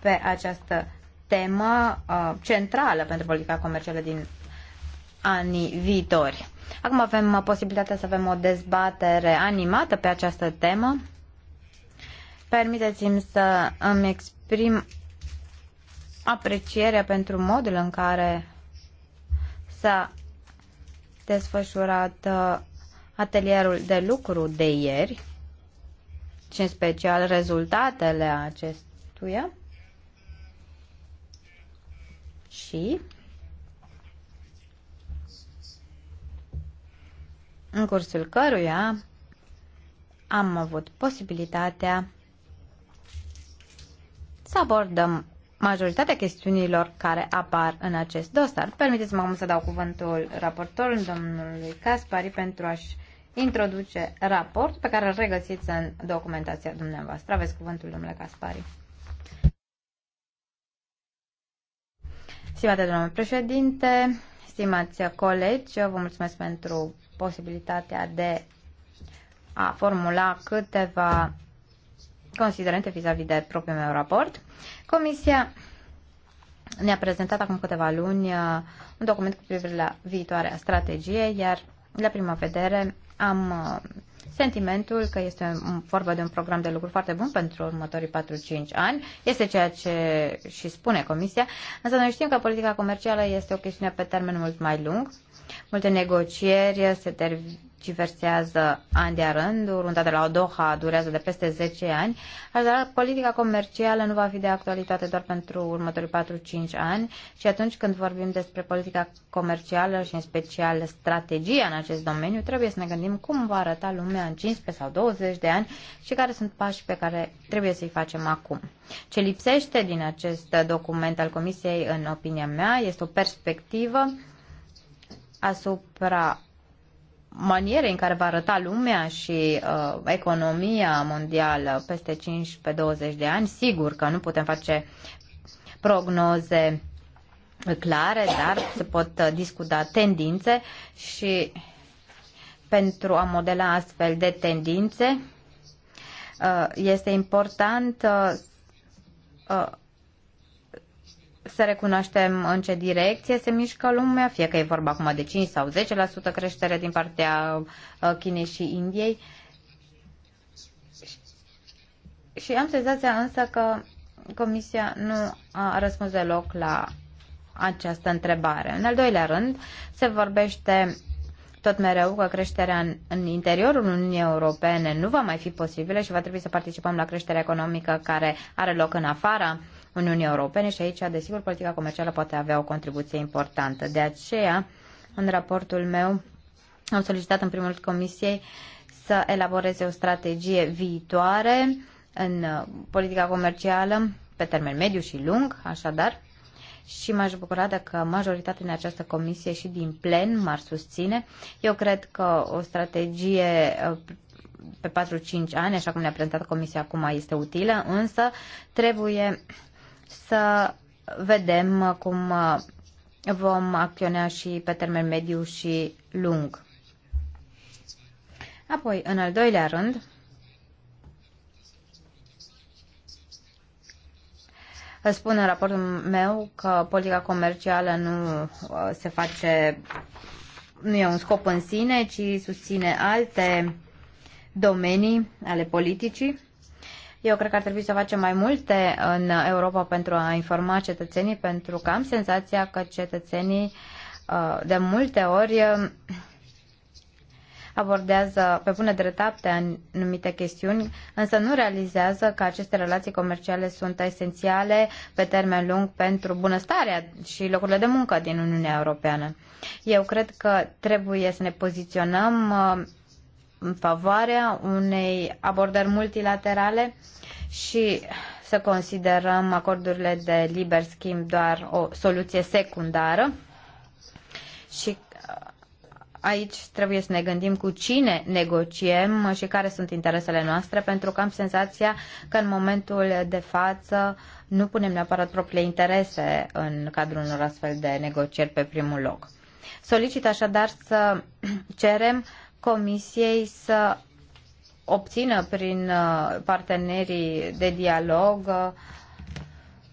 pe această temă uh, centrală pentru politica comercială din anii viitori. Acum avem uh, posibilitatea să avem o dezbatere animată pe această temă. Permiteți-mi să îmi exprim aprecierea pentru modul în care s-a desfășurat uh, atelierul de lucru de ieri și în special rezultatele acestuia și în cursul căruia am avut posibilitatea să abordăm majoritatea chestiunilor care apar în acest dosar. Permiteți-mă acum să dau cuvântul raportorului, domnului Caspari, pentru a-și introduce raport pe care îl regăsiți în documentația dumneavoastră. Aveți cuvântul, domnule Caspari. Stimate domnule președinte, stimați colegi, eu vă mulțumesc pentru posibilitatea de a formula câteva considerente vis-a-vis -vis de propriul meu raport. Comisia ne-a prezentat acum câteva luni uh, un document cu privire la viitoarea strategie, iar la prima vedere am uh, Sentimentul că este vorba de un program de lucru foarte bun pentru următorii 4-5 ani este ceea ce și spune Comisia, însă noi știm că politica comercială este o chestiune pe termen mult mai lung. Multe negocieri se termină ci versează ani de rând, runda de la Doha durează de peste 10 ani, așadar politica comercială nu va fi de actualitate doar pentru următorii 4-5 ani și atunci când vorbim despre politica comercială și în special strategia în acest domeniu, trebuie să ne gândim cum va arăta lumea în 15 sau 20 de ani și care sunt pașii pe care trebuie să-i facem acum. Ce lipsește din acest document al Comisiei, în opinia mea, este o perspectivă asupra maniere în care va arăta lumea și uh, economia mondială peste 15-20 de ani, sigur că nu putem face prognoze clare, dar se pot uh, discuta tendințe și pentru a modela astfel de tendințe uh, este important uh, să recunoaștem în ce direcție se mișcă lumea, fie că e vorba acum de 5 sau 10% creștere din partea uh, Chinei și Indiei. Și am senzația însă că Comisia nu a răspuns deloc la această întrebare. În al doilea rând, se vorbește tot mereu că creșterea în, în interiorul Uniunii Europene nu va mai fi posibilă și va trebui să participăm la creșterea economică care are loc în afara uh, Uniunii Europene și aici, desigur, politica comercială poate avea o contribuție importantă. De aceea, în raportul meu, am solicitat în primul rând Comisiei să elaboreze o strategie viitoare în uh, politica comercială pe termen mediu și lung, așadar, și m-aș bucura dacă majoritatea din această comisie și din plen m-ar susține. Eu cred că o strategie uh, pe 4-5 ani, așa cum ne-a prezentat comisia acum, este utilă, însă trebuie să vedem cum uh, vom acționa și pe termen mediu și lung. Apoi, în al doilea rând, spun în raportul meu că politica comercială nu uh, se face, nu e un scop în sine, ci susține alte domenii ale politicii. Eu cred că ar trebui să facem mai multe în Europa pentru a informa cetățenii, pentru că am senzația că cetățenii uh, de multe ori abordează pe bună dreptate anumite chestiuni, însă nu realizează că aceste relații comerciale sunt esențiale pe termen lung pentru bunăstarea și locurile de muncă din Uniunea Europeană. Eu cred că trebuie să ne poziționăm uh, în favoarea unei abordări multilaterale și să considerăm acordurile de liber schimb doar o soluție secundară. Și uh, aici trebuie să ne gândim cu cine negociem și care sunt interesele noastre, pentru că am senzația că în momentul de față nu punem neapărat propriile interese în cadrul unor astfel de negocieri pe primul loc. Solicit așadar să cerem Comisiei să obțină prin uh, partenerii de dialog uh,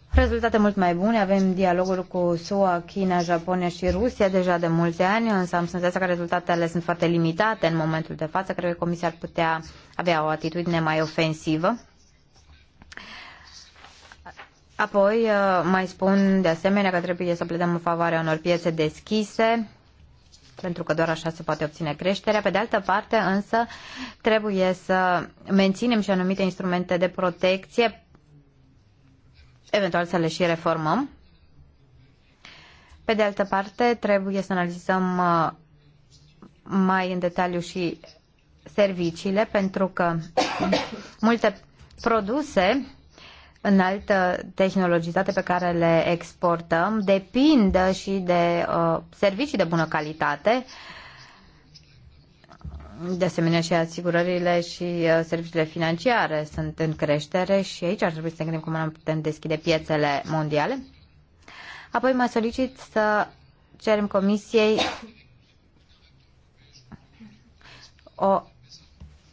rezultate mult mai bune. Avem dialogul cu SUA, China, Japonia și Rusia deja de multe ani, însă am senzația că rezultatele sunt foarte limitate în momentul de față. Cred că Comisia ar putea avea o atitudine mai ofensivă. Apoi uh, mai spun de asemenea că trebuie să pledăm în favoarea unor piețe deschise pentru că doar așa se poate obține creșterea. Pe de altă parte, însă, trebuie să menținem și anumite instrumente de protecție, eventual să le și reformăm. Pe de altă parte, trebuie să analizăm uh, mai în detaliu și serviciile, pentru că multe produse înaltă tehnologizate pe care le exportăm depindă și de uh, servicii de bună calitate, de asemenea și asigurările și uh, serviciile financiare sunt în creștere și aici ar trebui să ne gândim cum am putem deschide piețele mondiale. Apoi mă solicit să cerem Comisiei o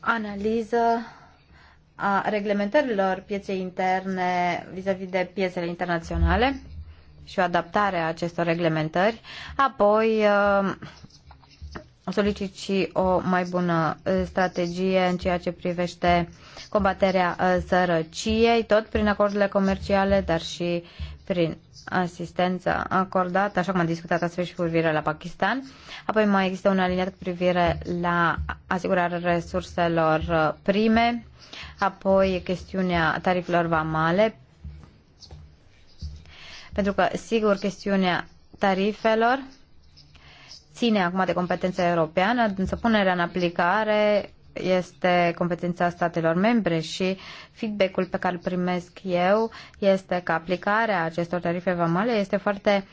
analiză a reglementărilor pieței interne vis-a-vis -vis de piețele internaționale și o adaptare a acestor reglementări. Apoi uh, solicit și o mai bună uh, strategie în ceea ce privește combaterea uh, sărăciei, tot prin acordurile comerciale, dar și prin asistență acordată, așa cum am discutat astăzi și cu privire la Pakistan. Apoi mai există un aliniat cu privire la asigurarea resurselor uh, prime, apoi chestiunea tarifelor vamale, pentru că, sigur, chestiunea tarifelor ține acum de competența europeană, însă punerea în aplicare este competența statelor membre și feedback-ul pe care îl primesc eu este că aplicarea acestor tarife vamale este foarte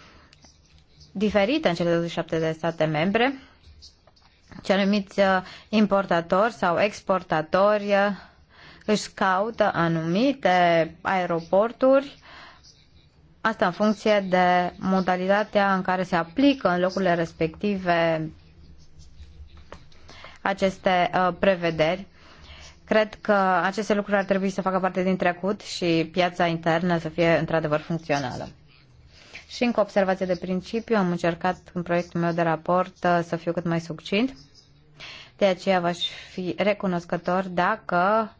diferită în cele 27 de state membre ce anumiți uh, importatori sau exportatori uh, își caută anumite aeroporturi, asta în funcție de modalitatea în care se aplică în locurile respective aceste uh, prevederi. Cred că aceste lucruri ar trebui să facă parte din trecut și piața internă să fie într-adevăr funcțională. Și încă observație de principiu, am încercat în proiectul meu de raport uh, să fiu cât mai succint. De aceea v-aș fi recunoscător dacă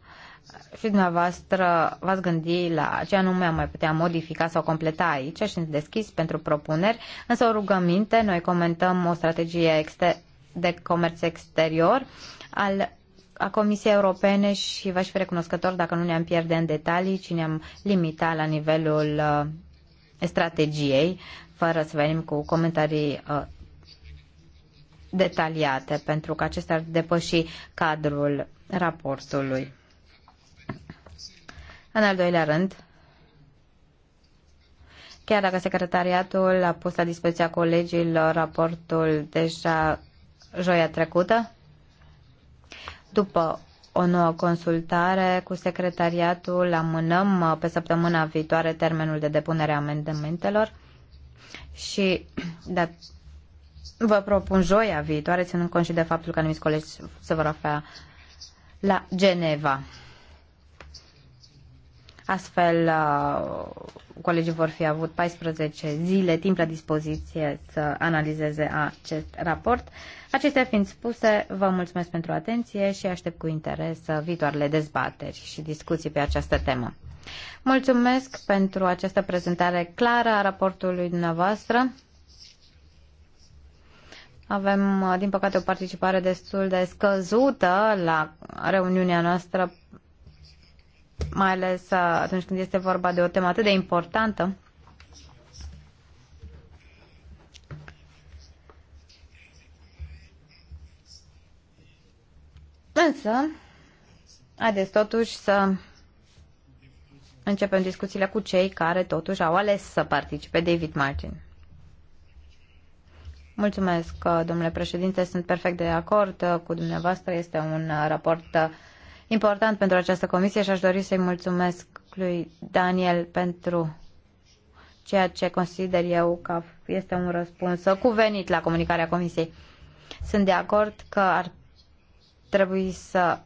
și dumneavoastră v-ați gândi la ce anume am mai putea modifica sau completa aici și sunt deschis pentru propuneri, însă o rugăminte, noi comentăm o strategie exter- de Comerț Exterior al a Comisiei Europene și v-aș fi recunoscător dacă nu ne-am pierde în detalii, ci ne-am limitat la nivelul uh, strategiei, fără să venim cu comentarii uh, detaliate, pentru că acestea ar depăși cadrul raportului. În al doilea rând, chiar dacă secretariatul a pus la dispoziția colegilor raportul deja joia trecută, după o nouă consultare cu secretariatul, amânăm uh, pe săptămâna viitoare termenul de depunere a amendamentelor și da, vă propun joia viitoare, ținând cont și de faptul că anumiți colegi se vor afla la Geneva. Astfel, uh, colegii vor fi avut 14 zile timp la dispoziție să analizeze acest raport. Acestea fiind spuse, vă mulțumesc pentru atenție și aștept cu interes viitoarele dezbateri și discuții pe această temă. Mulțumesc pentru această prezentare clară a raportului dumneavoastră. Avem, din păcate, o participare destul de scăzută la reuniunea noastră, mai ales atunci când este vorba de o temă atât de importantă. Însă, haideți totuși să începem discuțiile cu cei care totuși au ales să participe. David Martin. Mulțumesc, domnule președinte. Sunt perfect de acord cu dumneavoastră. Este un raport important pentru această comisie și aș dori să-i mulțumesc lui Daniel pentru ceea ce consider eu că este un răspuns cuvenit la comunicarea comisiei. Sunt de acord că ar Trebuie să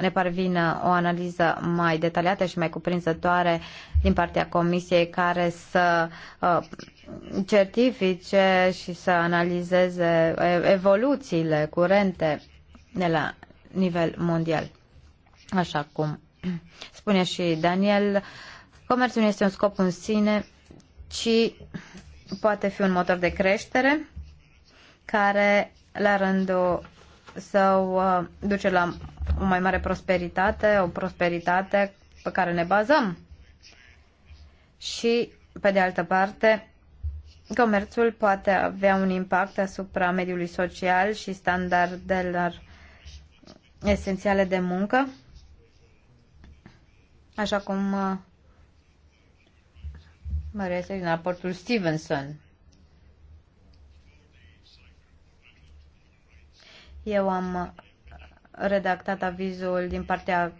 ne parvină o analiză mai detaliată și mai cuprinzătoare din partea Comisiei care să uh, certifice și să analizeze evoluțiile curente de la nivel mondial. Așa cum spune și Daniel, comerțul nu este un scop în sine, ci poate fi un motor de creștere care la rândul o uh, duce la o mai mare prosperitate, o prosperitate pe care ne bazăm. Și, pe de altă parte, comerțul poate avea un impact asupra mediului social și standardelor esențiale de muncă, așa cum mă reiese din raportul Stevenson. Eu am redactat avizul din partea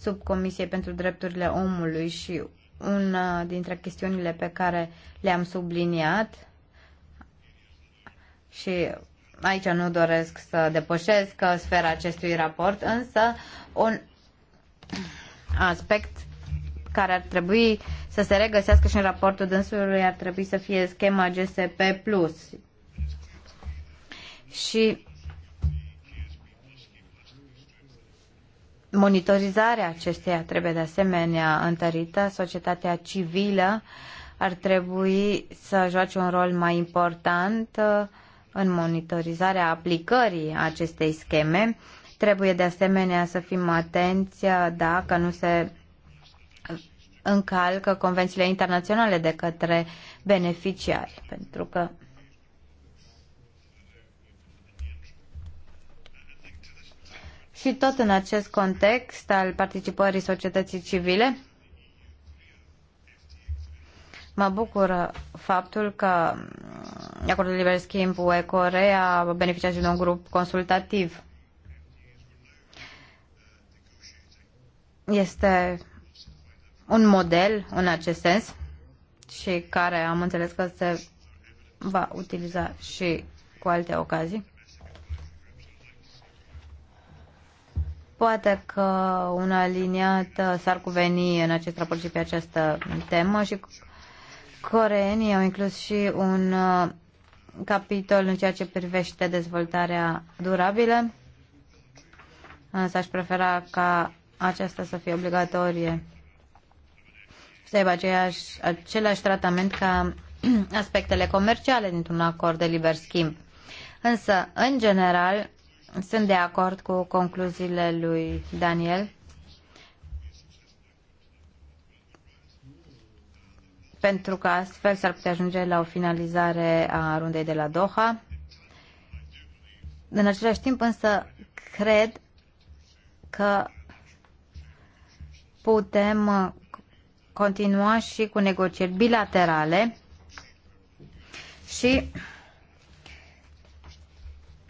subcomisiei pentru drepturile omului și una dintre chestiunile pe care le-am subliniat și aici nu doresc să depășesc sfera acestui raport, însă un aspect care ar trebui să se regăsească și în raportul dânsului ar trebui să fie schema GSP+. Și monitorizarea acesteia trebuie de asemenea întărită. Societatea civilă ar trebui să joace un rol mai important uh, în monitorizarea aplicării acestei scheme. Trebuie de asemenea să fim atenți uh, dacă nu se încalcă convențiile internaționale de către beneficiari, pentru că Și tot în acest context al participării societății civile, mă bucură faptul că acordul de liber schimb UE Corea a beneficiat și de un grup consultativ. Este un model în acest sens și care am înțeles că se va utiliza și cu alte ocazii. Poate că un aliniat s-ar cuveni în acest raport și pe această temă și coreenii au inclus și un uh, capitol în ceea ce privește dezvoltarea durabilă, însă aș prefera ca aceasta să fie obligatorie să aibă aceeași, același tratament ca aspectele comerciale dintr-un acord de liber schimb. Însă, în general, sunt de acord cu concluziile lui Daniel. Pentru că astfel s-ar putea ajunge la o finalizare a rundei de la Doha. În același timp însă cred că putem continua și cu negocieri bilaterale și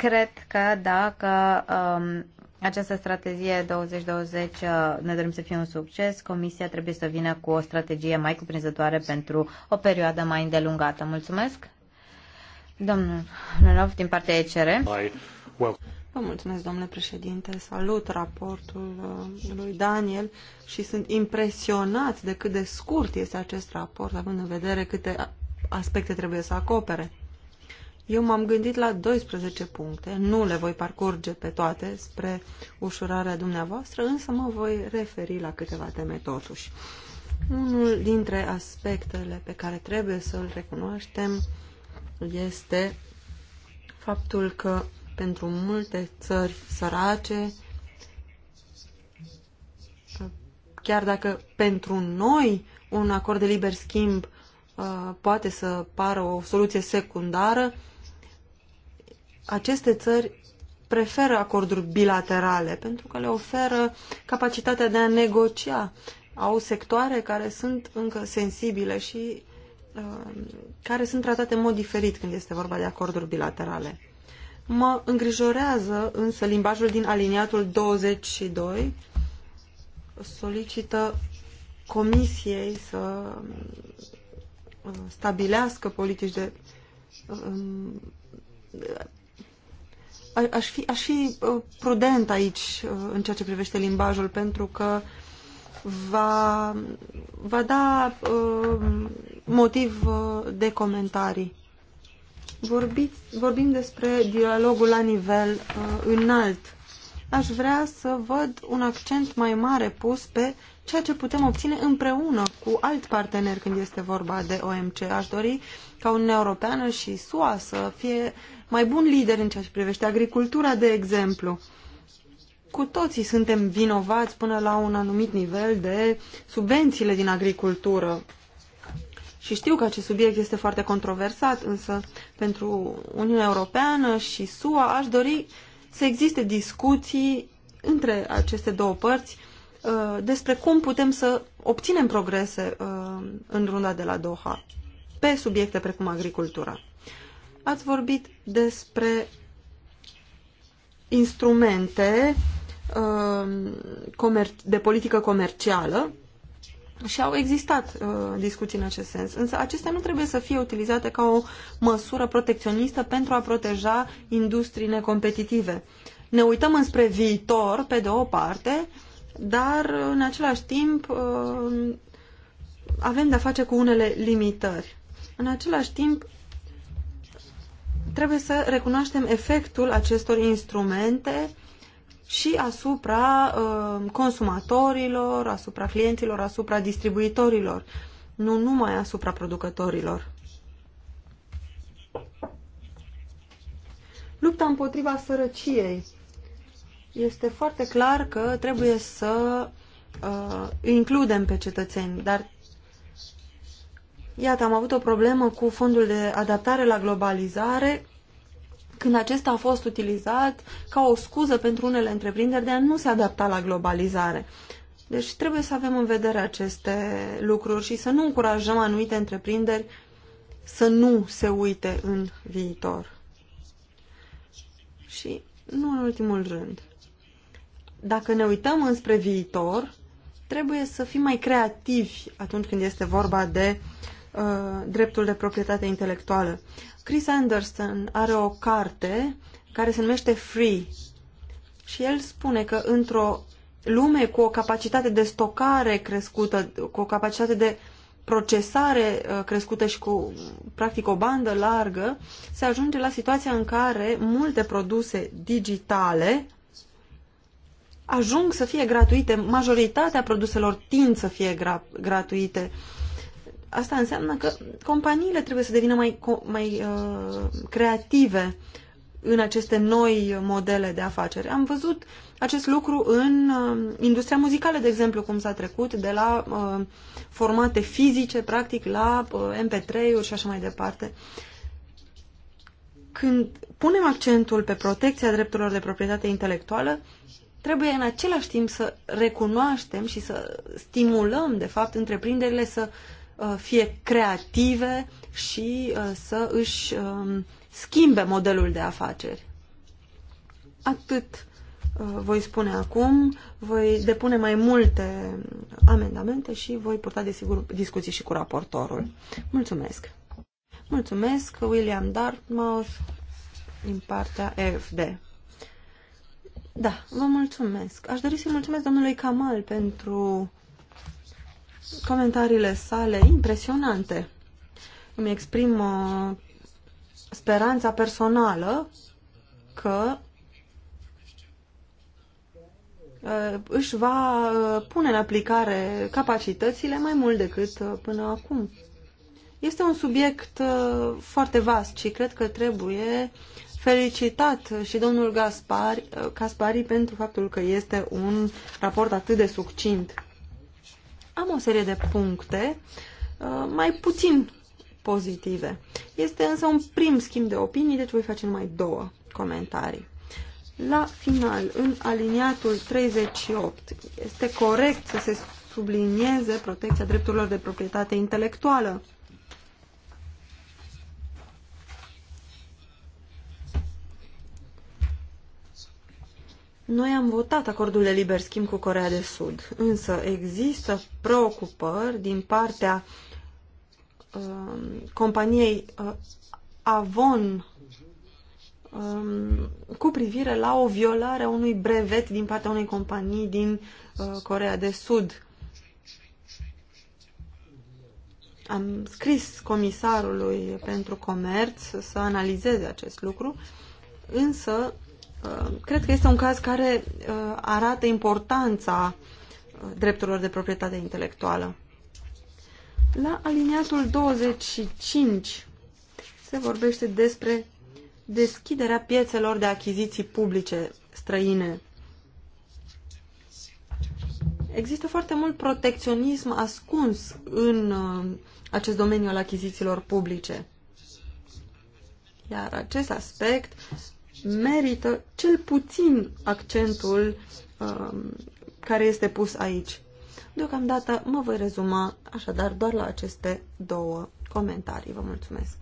Cred că dacă um, această strategie 2020 uh, ne dorim să fie un succes, Comisia trebuie să vină cu o strategie mai cuprinzătoare pentru o perioadă mai îndelungată. Mulțumesc! Domnul Nenov, din partea ECR. Vă mulțumesc, domnule președinte. Salut raportul uh, lui Daniel și sunt impresionat de cât de scurt este acest raport, având în vedere câte aspecte trebuie să acopere. Eu m-am gândit la 12 puncte, nu le voi parcurge pe toate spre ușurarea dumneavoastră, însă mă voi referi la câteva teme totuși. Unul dintre aspectele pe care trebuie să îl recunoaștem este faptul că pentru multe țări sărace, chiar dacă pentru noi un acord de liber schimb uh, poate să pară o soluție secundară, aceste țări preferă acorduri bilaterale pentru că le oferă capacitatea de a negocia. Au sectoare care sunt încă sensibile și uh, care sunt tratate în mod diferit când este vorba de acorduri bilaterale. Mă îngrijorează însă limbajul din aliniatul 22 solicită comisiei să um, stabilească politici de um, aș fi, aș fi uh, prudent aici uh, în ceea ce privește limbajul, pentru că va, va da uh, motiv de comentarii. Vorbiți, vorbim despre dialogul la nivel înalt. Aș vrea să văd un accent mai mare pus pe ceea ce putem obține împreună cu alt partener când este vorba de OMC. Aș dori ca Uniunea Europeană și SUA să fie mai bun lider în ceea ce privește agricultura, de exemplu. Cu toții suntem vinovați până la un anumit nivel de subvențiile din agricultură. Și știu că acest subiect este foarte controversat, însă pentru Uniunea Europeană și SUA aș dori să existe discuții între aceste două părți uh, despre cum putem să obținem progrese uh, în runda de la Doha pe subiecte precum agricultura. Ați vorbit despre instrumente uh, de politică comercială și au existat uh, discuții în acest sens. Însă acestea nu trebuie să fie utilizate ca o măsură protecționistă pentru a proteja industrii necompetitive. Ne uităm înspre viitor, pe de o parte, dar în același timp uh, avem de-a face cu unele limitări. În același timp, trebuie să recunoaștem efectul acestor instrumente și asupra uh, consumatorilor, asupra clienților, asupra distribuitorilor, nu numai asupra producătorilor. Lupta împotriva sărăciei. Este foarte clar că trebuie să uh, includem pe cetățeni, dar Iată, am avut o problemă cu fondul de adaptare la globalizare, când acesta a fost utilizat ca o scuză pentru unele întreprinderi de a nu se adapta la globalizare. Deci trebuie să avem în vedere aceste lucruri și să nu încurajăm anumite întreprinderi să nu se uite în viitor. Și nu în ultimul rând. Dacă ne uităm înspre viitor, trebuie să fim mai creativi atunci când este vorba de Uh, dreptul de proprietate intelectuală. Chris Anderson are o carte care se numește Free și el spune că într-o lume cu o capacitate de stocare crescută, cu o capacitate de procesare uh, crescută și cu practic o bandă largă, se ajunge la situația în care multe produse digitale ajung să fie gratuite, majoritatea produselor tind să fie gra gratuite Asta înseamnă că companiile trebuie să devină mai, mai uh, creative în aceste noi modele de afaceri. Am văzut acest lucru în uh, industria muzicală, de exemplu, cum s-a trecut de la uh, formate fizice, practic, la uh, MP3-uri și așa mai departe. Când punem accentul pe protecția drepturilor de proprietate intelectuală, trebuie în același timp să recunoaștem și să stimulăm, de fapt, întreprinderile să uh, Uh, fie creative și uh, să își um, schimbe modelul de afaceri. Atât uh, voi spune acum, voi depune mai multe amendamente și voi purta, desigur, discuții și cu raportorul. Mulțumesc! Mulțumesc, William Dartmouth, din partea EFD. Da, vă mulțumesc. Aș dori să-i mulțumesc domnului Kamal pentru comentariile sale impresionante. Îmi exprim uh, speranța personală că uh, își va uh, pune în aplicare capacitățile mai mult decât uh, până acum. Este un subiect uh, foarte vast și cred că trebuie felicitat și domnul Gaspar, uh, Caspari pentru faptul că este un raport atât de succint. Am o serie de puncte uh, mai puțin pozitive. Este însă un prim schimb de opinii, deci voi face numai două comentarii. La final, în aliniatul 38, este corect să se sublinieze protecția drepturilor de proprietate intelectuală. Noi am votat acordul de liber schimb cu Corea de Sud, însă există preocupări din partea uh, companiei uh, Avon um, cu privire la o violare a unui brevet din partea unei companii din uh, Corea de Sud. Am scris comisarului pentru comerț să analizeze acest lucru, însă Uh, cred că este un caz care uh, arată importanța uh, drepturilor de proprietate intelectuală. La aliniatul 25 se vorbește despre deschiderea piețelor de achiziții publice străine. Există foarte mult protecționism ascuns în acest domeniu al achizițiilor publice. Iar acest aspect merită cel puțin accentul uh, care este pus aici. Deocamdată mă voi rezuma așadar doar la aceste două comentarii. Vă mulțumesc.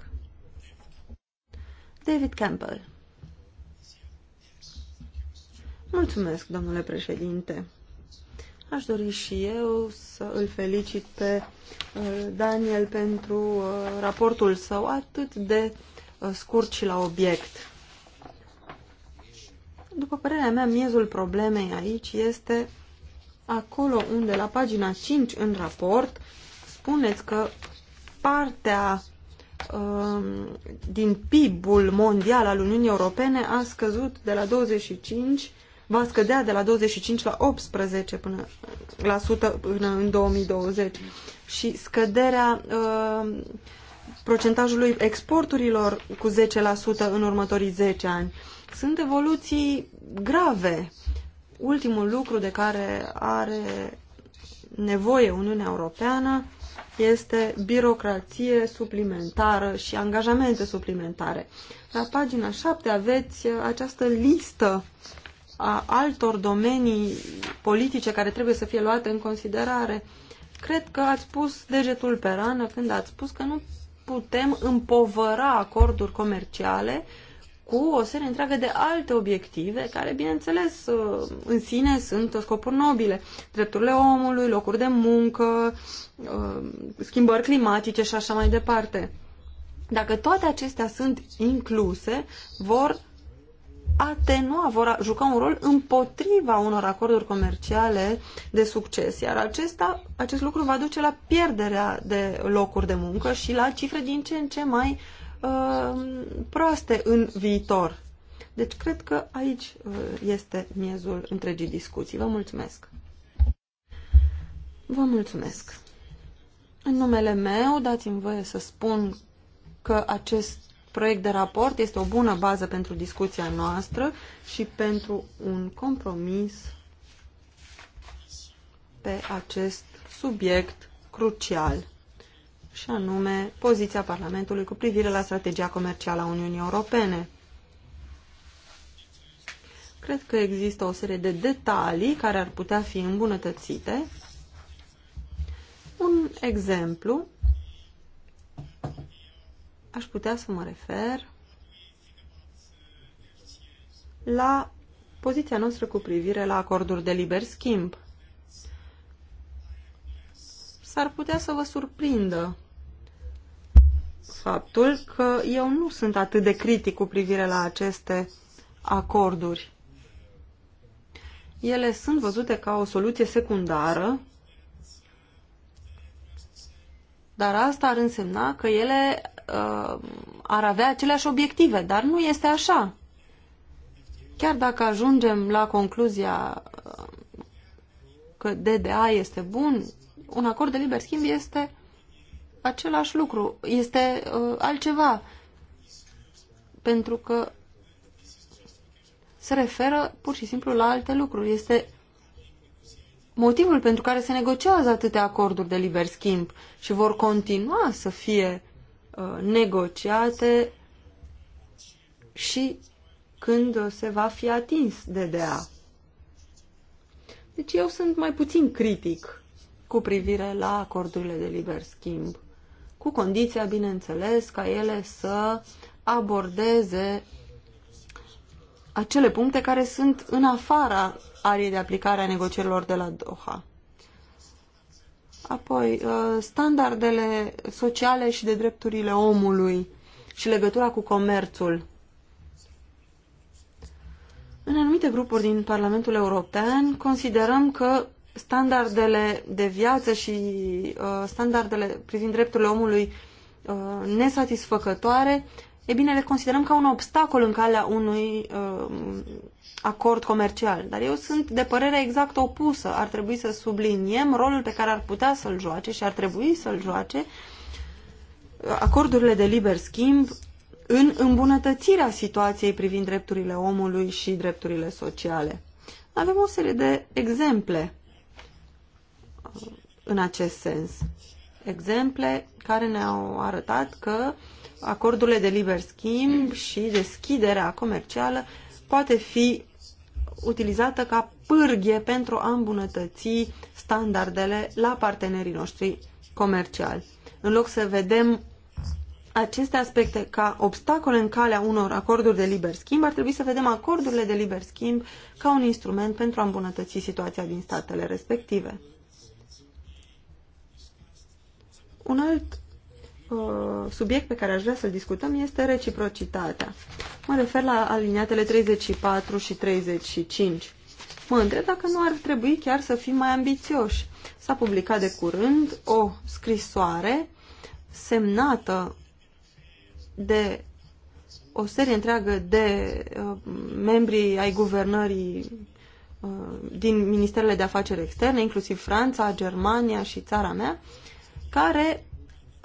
David Campbell Mulțumesc, domnule președinte. Aș dori și eu să îl felicit pe uh, Daniel pentru uh, raportul său atât de uh, scurt și la obiect. După părerea mea, miezul problemei aici este acolo unde, la pagina 5 în raport, spuneți că partea um, din PIB-ul mondial al Uniunii Europene a scăzut de la 25 va scădea de la 25 la 18 până la 100 până în 2020 și scăderea um, procentajului exporturilor cu 10% în următorii 10 ani. Sunt evoluții grave. Ultimul lucru de care are nevoie Uniunea Europeană este birocrație suplimentară și angajamente suplimentare. La pagina 7 aveți această listă a altor domenii politice care trebuie să fie luate în considerare. Cred că ați pus degetul pe rană când ați spus că nu putem împovăra acorduri comerciale cu o serie întreagă de alte obiective care, bineînțeles, uh, în sine sunt scopuri nobile. Drepturile omului, locuri de muncă, uh, schimbări climatice și așa mai departe. Dacă toate acestea sunt incluse, vor atenua, vor juca un rol împotriva unor acorduri comerciale de succes, iar acesta, acest lucru va duce la pierderea de locuri de muncă și la cifre din ce în ce mai uh, Uh, proaste în viitor. Deci cred că aici uh, este miezul întregii discuții. Vă mulțumesc! Vă mulțumesc! În numele meu dați-mi voie să spun că acest proiect de raport este o bună bază pentru discuția noastră și pentru un compromis pe acest subiect crucial și anume poziția Parlamentului cu privire la strategia comercială a Uniunii Europene. Cred că există o serie de detalii care ar putea fi îmbunătățite. Un exemplu aș putea să mă refer la poziția noastră cu privire la acorduri de liber schimb s-ar putea să vă surprindă faptul că eu nu sunt atât de critic cu privire la aceste acorduri. Ele sunt văzute ca o soluție secundară, dar asta ar însemna că ele uh, ar avea aceleași obiective, dar nu este așa. Chiar dacă ajungem la concluzia uh, că DDA este bun, un acord de liber schimb este același lucru, este uh, altceva, pentru că se referă pur și simplu la alte lucruri. Este motivul pentru care se negociază atâtea acorduri de liber schimb și vor continua să fie uh, negociate și când se va fi atins DDA. Deci eu sunt mai puțin critic cu privire la acordurile de liber schimb, cu condiția, bineînțeles, ca ele să abordeze acele puncte care sunt în afara ariei de aplicare a negocierilor de la Doha. Apoi, uh, standardele sociale și de drepturile omului și legătura cu comerțul. În anumite grupuri din Parlamentul European considerăm că standardele de viață și uh, standardele privind drepturile omului uh, nesatisfăcătoare, e bine, le considerăm ca un obstacol în calea unui uh, acord comercial. Dar eu sunt de părere exact opusă. Ar trebui să subliniem rolul pe care ar putea să-l joace și ar trebui să-l joace uh, acordurile de liber schimb în îmbunătățirea situației privind drepturile omului și drepturile sociale. Avem o serie de exemple în acest sens. Exemple care ne-au arătat că acordurile de liber schimb și deschiderea comercială poate fi utilizată ca pârghie pentru a îmbunătăți standardele la partenerii noștri comerciali. În loc să vedem aceste aspecte ca obstacole în calea unor acorduri de liber schimb, ar trebui să vedem acordurile de liber schimb ca un instrument pentru a îmbunătăți situația din statele respective. Un alt uh, subiect pe care aș vrea să-l discutăm este reciprocitatea. Mă refer la aliniatele 34 și 35. Mă întreb dacă nu ar trebui chiar să fim mai ambițioși. S-a publicat de curând o scrisoare semnată de o serie întreagă de uh, membri ai guvernării uh, din Ministerele de Afaceri Externe, inclusiv Franța, Germania și țara mea, care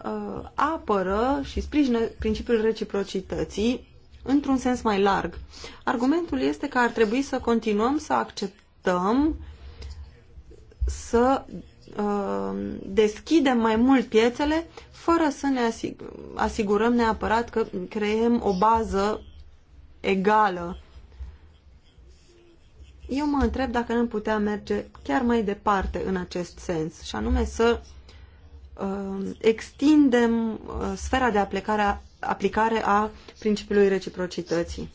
uh, apără și sprijină principiul reciprocității într-un sens mai larg. Argumentul este că ar trebui să continuăm să acceptăm să uh, deschidem mai mult piețele fără să ne asig asigurăm neapărat că creăm o bază egală. Eu mă întreb dacă nu putea merge chiar mai departe în acest sens și anume să Uh, extindem uh, sfera de aplicare, aplicare a principiului reciprocității.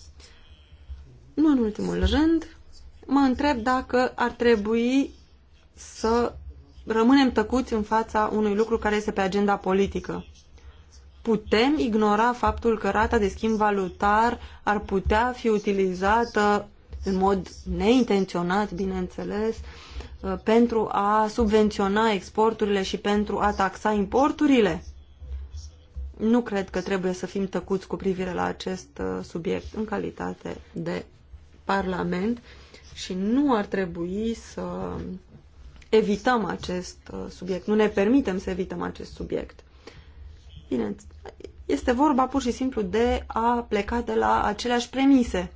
Nu în ultimul rând, mă întreb dacă ar trebui să rămânem tăcuți în fața unui lucru care este pe agenda politică. Putem ignora faptul că rata de schimb valutar ar putea fi utilizată în mod neintenționat, bineînțeles, Uh, pentru a subvenționa exporturile și pentru a taxa importurile? Nu cred că trebuie să fim tăcuți cu privire la acest uh, subiect în calitate de Parlament și nu ar trebui să evităm acest uh, subiect, nu ne permitem să evităm acest subiect. Bine, este vorba pur și simplu de a pleca de la aceleași premise.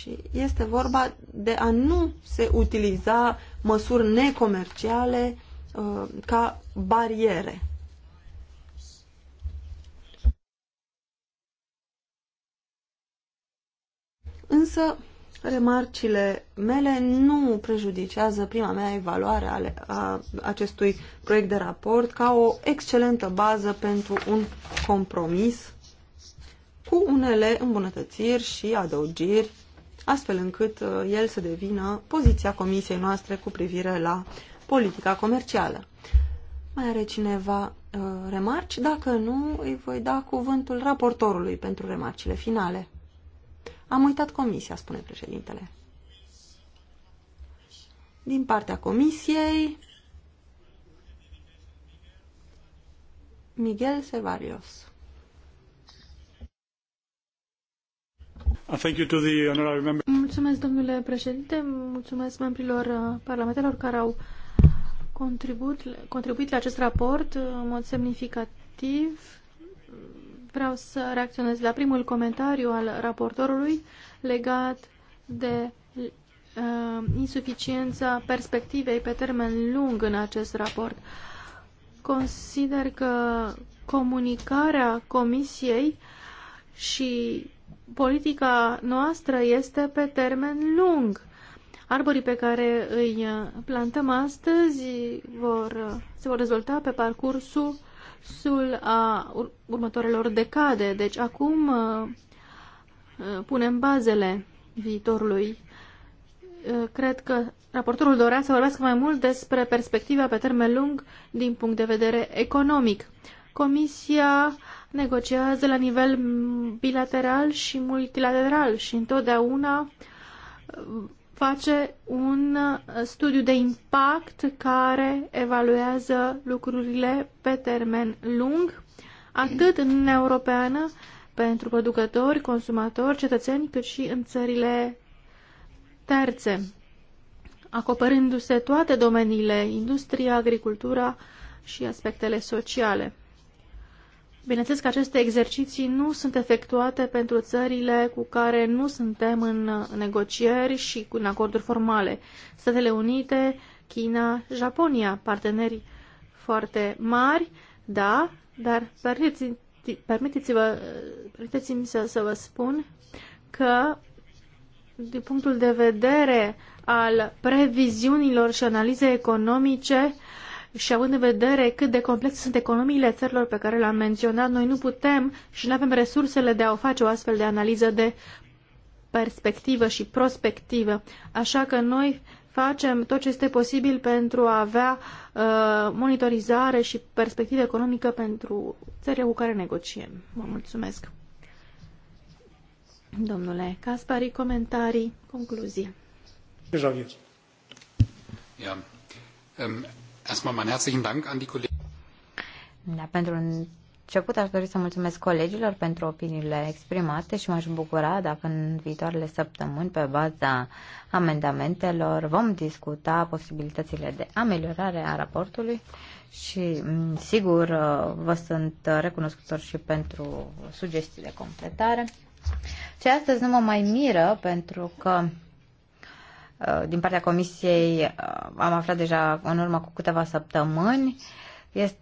Și este vorba de a nu se utiliza măsuri necomerciale uh, ca bariere. Însă, remarcile mele nu prejudicează prima mea evaluare ale, a acestui proiect de raport ca o excelentă bază pentru un compromis cu unele îmbunătățiri și adăugiri astfel încât uh, el să devină poziția comisiei noastre cu privire la politica comercială. Mai are cineva uh, remarci? Dacă nu, îi voi da cuvântul raportorului pentru remarcile finale. Am uitat comisia, spune președintele. Din partea comisiei, Miguel Servarios. Mulțumesc, domnule președinte, mulțumesc membrilor uh, parlamentelor care au contribuit, contribuit la acest raport uh, în mod semnificativ. Vreau să reacționez la primul comentariu al raportorului legat de uh, insuficiența perspectivei pe termen lung în acest raport. Consider că comunicarea Comisiei și politica noastră este pe termen lung. Arborii pe care îi plantăm astăzi vor, se vor dezvolta pe parcursul sul a următoarelor decade. Deci acum uh, uh, punem bazele viitorului. Uh, cred că raportorul dorea să vorbească mai mult despre perspectiva pe termen lung din punct de vedere economic. Comisia negociază la nivel bilateral și multilateral și întotdeauna uh, face un uh, studiu de impact care evaluează lucrurile pe termen lung, atât în Uniunea Europeană, pentru producători, consumatori, cetățeni, cât și în țările terțe, acoperindu-se toate domeniile, industria, agricultura și aspectele sociale. Bineînțeles că aceste exerciții nu sunt efectuate pentru țările cu care nu suntem în negocieri și în acorduri formale. Statele Unite, China, Japonia, parteneri foarte mari, da, dar permiteți-mi permiteți să, să vă spun că din punctul de vedere al previziunilor și analizei economice, și având în vedere cât de complexe sunt economiile țărilor pe care le-am menționat, noi nu putem și nu avem resursele de a o face o astfel de analiză de perspectivă și prospectivă. Așa că noi facem tot ce este posibil pentru a avea uh, monitorizare și perspectivă economică pentru țările cu care negociem. Vă mulțumesc. Domnule Caspari, comentarii, concluzii. Javier. Yeah. Um, erstmal meinen herzlichen Dank an die Kollegen. Da, pentru început aș dori să mulțumesc colegilor pentru opiniile exprimate și m-aș bucura dacă în viitoarele săptămâni, pe baza amendamentelor, vom discuta posibilitățile de ameliorare a raportului și, mm, sigur, uh, vă sunt recunoscutor și pentru sugestii de completare. Ce astăzi nu mă mai miră pentru că Uh, din partea Comisiei uh, am aflat deja în urmă cu câteva săptămâni, este,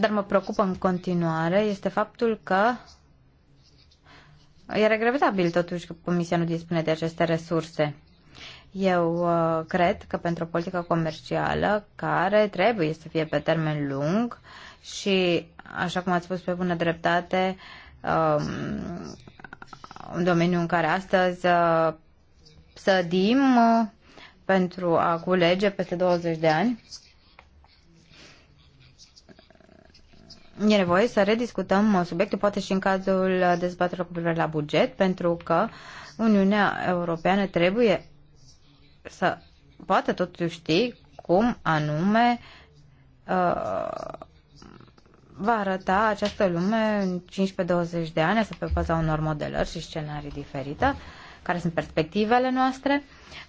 dar mă preocupă în continuare, este faptul că e regretabil totuși că Comisia nu dispune de aceste resurse. Eu uh, cred că pentru o politică comercială care trebuie să fie pe termen lung și, așa cum ați spus pe bună dreptate, uh, um, un domeniu în care astăzi uh, sădim uh, pentru a culege peste 20 de ani, e nevoie să rediscutăm uh, subiectul, poate și în cazul uh, dezbaterilor cu privire la buget, pentru că Uniunea Europeană trebuie să poată totuși ști cum anume va arăta această lume în 15-20 de ani, să pe baza unor modelări și scenarii diferite care sunt perspectivele noastre,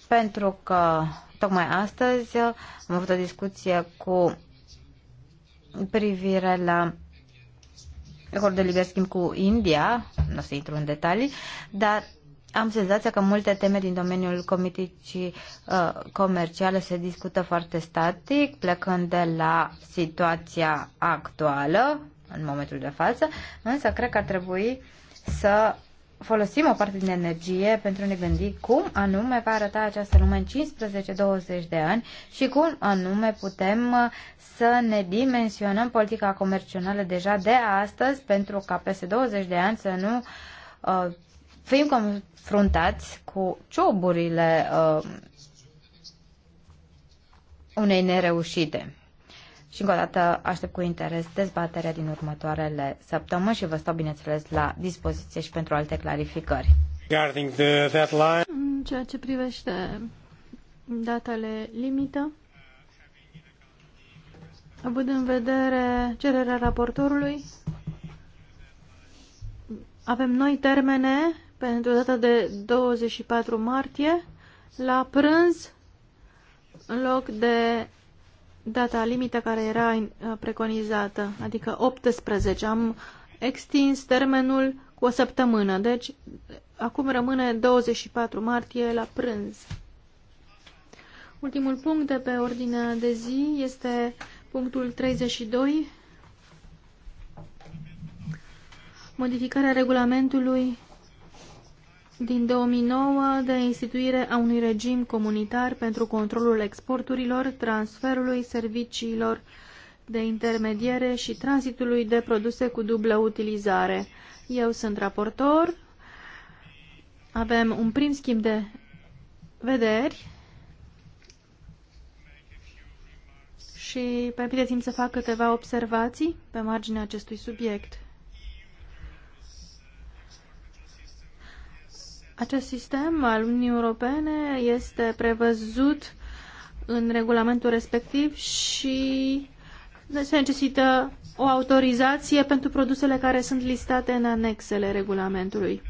pentru că tocmai astăzi am avut o discuție cu privire la acord de liber schimb cu India, nu o să intru în detalii, dar am senzația că multe teme din domeniul comiticii uh, comerciale se discută foarte static, plecând de la situația actuală, în momentul de față, însă cred că ar trebui să folosim o parte din energie pentru a ne gândi cum anume va arăta această lume în 15-20 de ani și cum anume putem uh, să ne dimensionăm politica comercială deja de astăzi pentru ca peste 20 de ani să nu uh, fim confruntați cu cioburile uh, unei nereușite și încă o dată aștept cu interes dezbaterea din următoarele săptămâni și vă stau, bineînțeles, la dispoziție și pentru alte clarificări. În ceea ce privește datele limită, având în vedere cererea raportorului, avem noi termene pentru data de 24 martie la prânz în loc de data limită care era uh, preconizată, adică 18. Am extins termenul cu o săptămână, deci acum rămâne 24 martie la prânz. Ultimul punct de pe ordinea de zi este punctul 32, modificarea regulamentului din 2009 de instituire a unui regim comunitar pentru controlul exporturilor, transferului serviciilor de intermediere și tranzitului de produse cu dublă utilizare. Eu sunt raportor. Avem un prim schimb de vederi și permiteți-mi să fac câteva observații pe marginea acestui subiect. Acest sistem al Uniunii Europene este prevăzut în regulamentul respectiv și se necesită o autorizație pentru produsele care sunt listate în anexele regulamentului.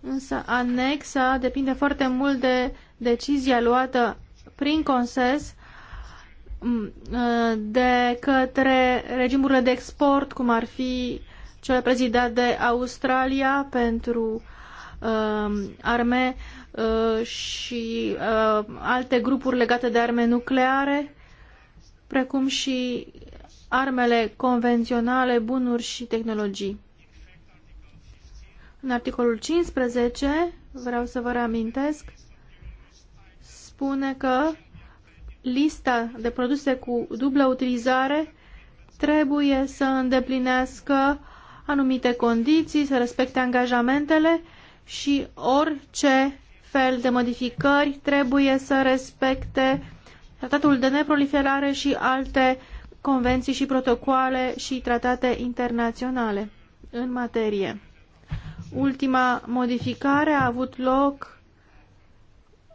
Însă anexa depinde foarte mult de decizia luată prin consens de către regimurile de export, cum ar fi cel prezidat de Australia pentru Um, arme uh, și uh, alte grupuri legate de arme nucleare, precum și armele convenționale, bunuri și tehnologii. În articolul 15, vreau să vă reamintesc, spune că lista de produse cu dublă utilizare trebuie să îndeplinească anumite condiții, să respecte angajamentele și orice fel de modificări trebuie să respecte tratatul de neproliferare și alte convenții și protocoale și tratate internaționale în materie. Ultima modificare a avut loc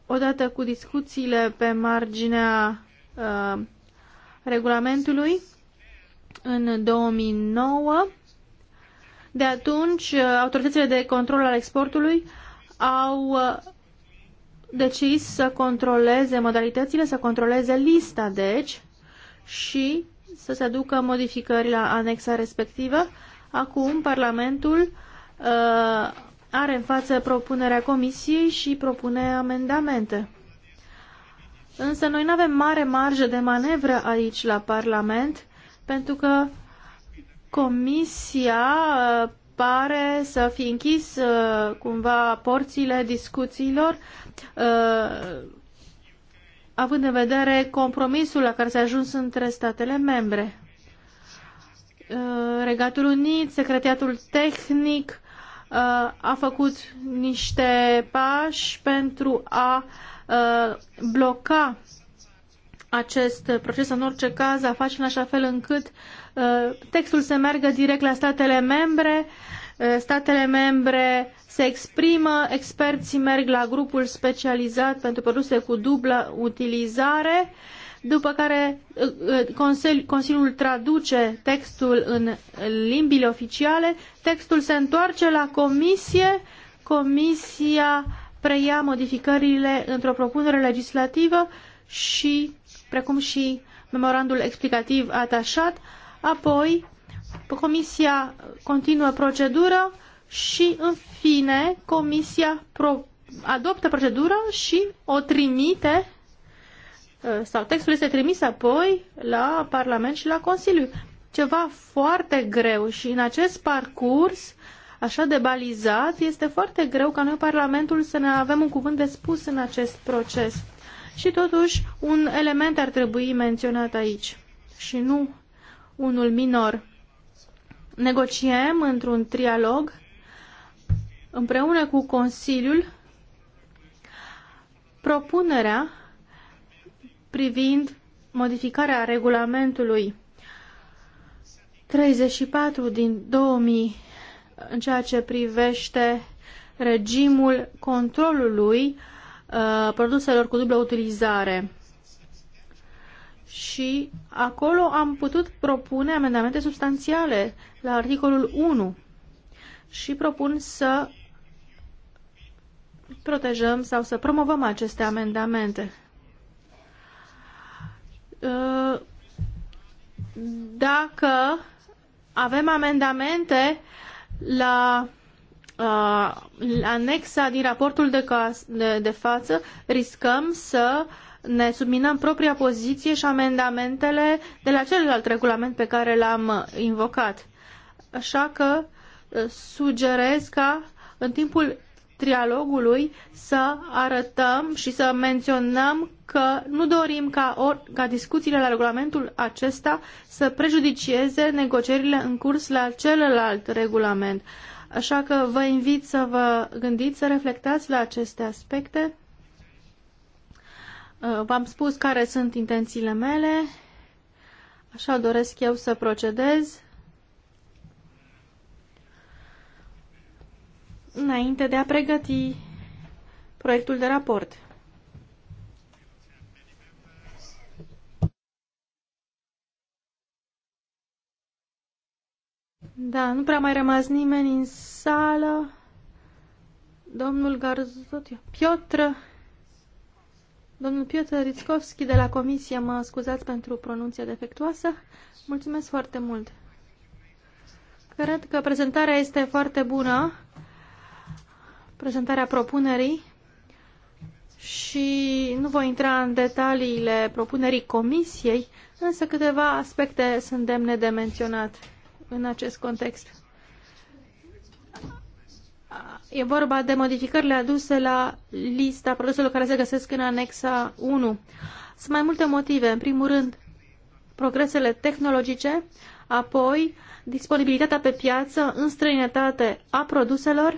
odată cu discuțiile pe marginea uh, regulamentului în 2009 de atunci, uh, autoritățile de control al exportului au uh, decis să controleze modalitățile, să controleze lista, deci, și să se aducă modificări la anexa respectivă. Acum, Parlamentul uh, are în față propunerea Comisiei și propune amendamente. Însă noi nu avem mare marjă de manevră aici la Parlament, pentru că Comisia uh, pare să fi închis uh, cumva porțile discuțiilor, uh, având în vedere compromisul la care s-a ajuns între statele membre. Regatul Unit, Secretariatul Tehnic a făcut niște pași pentru a bloca acest proces. În orice caz, a face în așa fel încât uh, Uh, textul se meargă direct la statele membre, uh, statele membre se exprimă, experții merg la grupul specializat pentru produse cu dublă utilizare, după care uh, Consiliul traduce textul în limbile oficiale, textul se întoarce la comisie, comisia preia modificările într-o propunere legislativă și, precum și memorandul explicativ atașat, uh, apoi Comisia continuă procedură și, în fine, Comisia pro- adoptă procedura și o trimite uh, sau textul este trimis apoi la Parlament și la Consiliu. Ceva foarte greu și în acest parcurs așa de balizat, este foarte greu ca noi Parlamentul să ne avem un cuvânt de spus în acest proces. Și totuși, un element ar trebui menționat aici și nu unul minor. Negociem într-un trialog împreună cu Consiliul propunerea privind modificarea regulamentului 34 din 2000 în ceea ce privește regimul controlului uh, produselor cu dublă utilizare și acolo am putut propune amendamente substanțiale la articolul 1 și propun să protejăm sau să promovăm aceste amendamente. Ă, dacă avem amendamente ă, la anexa din raportul de, de, de față, riscăm să uh, ne subminăm propria poziție și amendamentele de la celălalt regulament pe care l-am invocat. Așa că uh, sugerez ca în timpul trialogului să arătăm și să menționăm că nu dorim ca, or, ca discuțiile la regulamentul acesta să prejudicieze negocierile în curs la celălalt regulament. Așa că vă invit să vă gândiți, să reflectați la aceste aspecte Uh, v-am spus care sunt intențiile mele, așa doresc eu să procedez. Înainte de a pregăti proiectul de raport. Da, nu prea mai rămas nimeni în sală. Domnul Garzotiu. Piotr Domnul Piotr Rițcovski de la Comisie, mă scuzați pentru pronunția defectuoasă. Mulțumesc foarte mult. Cred că prezentarea este foarte bună, prezentarea propunerii și nu voi intra în detaliile propunerii Comisiei, însă câteva aspecte sunt demne de menționat în acest context. E vorba de modificările aduse la lista produselor care se găsesc în anexa 1. Sunt mai multe motive. În primul rând, progresele tehnologice, apoi disponibilitatea pe piață în străinătate a produselor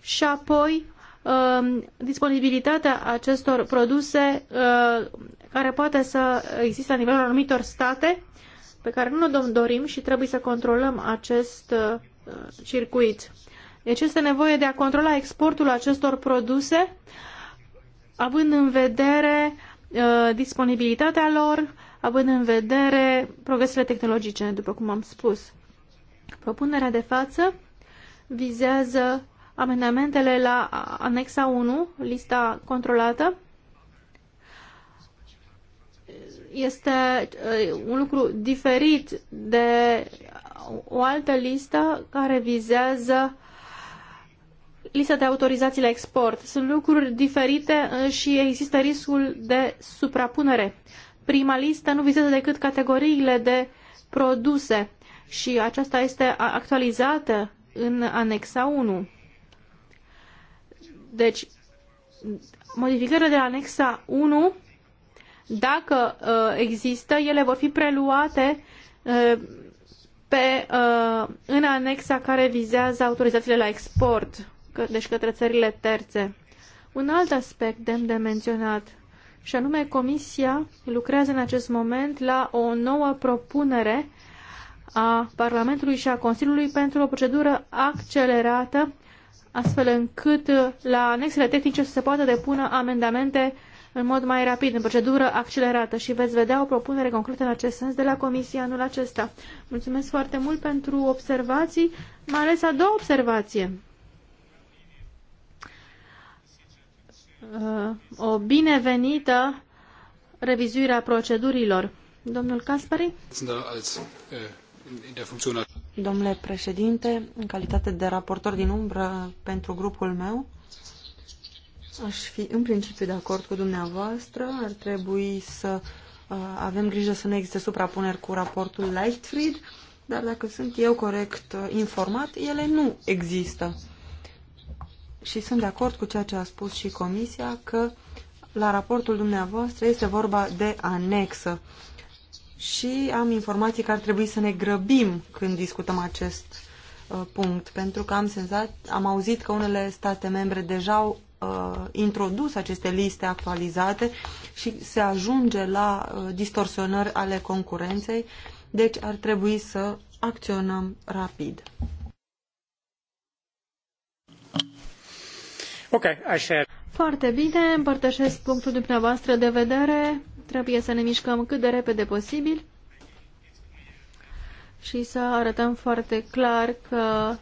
și apoi um, disponibilitatea acestor produse uh, care poate să existe la nivelul anumitor state pe care nu ne dorim și trebuie să controlăm acest uh, circuit. Deci este nevoie de a controla exportul acestor produse, având în vedere uh, disponibilitatea lor, având în vedere progresele tehnologice, după cum am spus. Propunerea de față vizează amendamentele la anexa 1, lista controlată. Este uh, un lucru diferit de o altă listă care vizează lista de autorizații la export. Sunt lucruri diferite și există riscul de suprapunere. Prima listă nu vizează decât categoriile de produse și aceasta este actualizată în anexa 1. Deci, modificările de la anexa 1, dacă ă, există, ele vor fi preluate ă, pe, ă, în anexa care vizează autorizațiile la export deci către țările terțe. Un alt aspect demn de menționat, și anume Comisia lucrează în acest moment la o nouă propunere a Parlamentului și a Consiliului pentru o procedură accelerată, astfel încât la anexele tehnice să se poată depună amendamente în mod mai rapid, în procedură accelerată și veți vedea o propunere concretă în acest sens de la Comisia anul acesta. Mulțumesc foarte mult pentru observații, mai ales a doua observație. Uh, o binevenită revizuire a procedurilor. Domnul Caspari? Da, eh, Domnule președinte, în calitate de raportor din umbră pentru grupul meu, aș fi în principiu de acord cu dumneavoastră. Ar trebui să uh, avem grijă să nu existe suprapuneri cu raportul Lightfried, dar dacă sunt eu corect eh, informat, ele nu există și sunt de acord cu ceea ce a spus și Comisia că la raportul dumneavoastră este vorba de anexă și am informații că ar trebui să ne grăbim când discutăm acest uh, punct, pentru că am, senzat, am auzit că unele state membre deja au uh, introdus aceste liste actualizate și se ajunge la uh, distorsionări ale concurenței, deci ar trebui să acționăm rapid. I share. Foarte bine, împărtășesc punctul dumneavoastră de vedere. Trebuie să ne mișcăm cât de repede posibil și să arătăm foarte clar că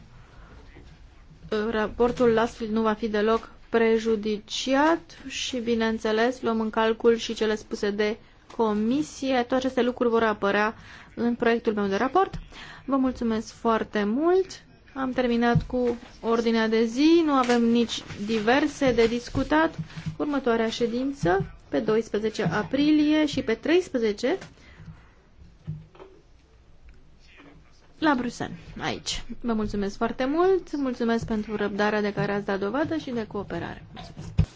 uh, raportul astfel nu va fi deloc prejudiciat și, bineînțeles, luăm în calcul și cele spuse de comisie. Toate aceste lucruri vor apărea în proiectul meu de raport. Vă mulțumesc foarte mult! Am terminat cu ordinea de zi, nu avem nici diverse de discutat. Următoarea ședință pe 12 aprilie și pe 13 la Bruxelles, aici. Vă mulțumesc foarte mult, mulțumesc pentru răbdarea de care ați dat dovadă și de cooperare. Mulțumesc!